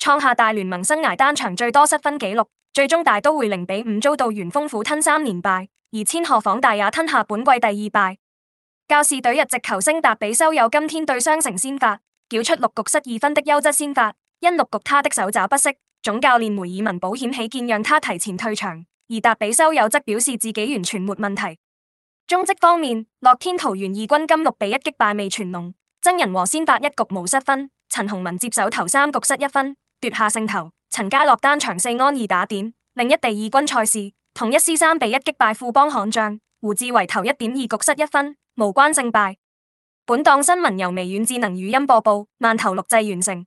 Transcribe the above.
創下大聯盟生涯單場最多失分紀錄，最終大都會零比五遭到元豐虎吞三連敗，而千賀滉大也吞下本季第二敗。教士隊日籍球星達比修有今天對雙城先發，繳出六局失二分的優質先發，因六局他的手爪不適，總教練梅爾文保險起見讓他提前退場，而達比修有則表示自己完全沒問題。中職方面，樂天桃園二軍今六比一擊敗味全龍，曾仁和先發一局無失分，陳鴻文接手投三局失一分。奪下勝頭，陳家洛單場四安二打點。另一第二軍賽事，同一師三比一擊敗富邦悍將，胡志偉投一點二局失一分，無關勝敗。本檔新聞由微軟智能語音播報，慢頭錄製完成。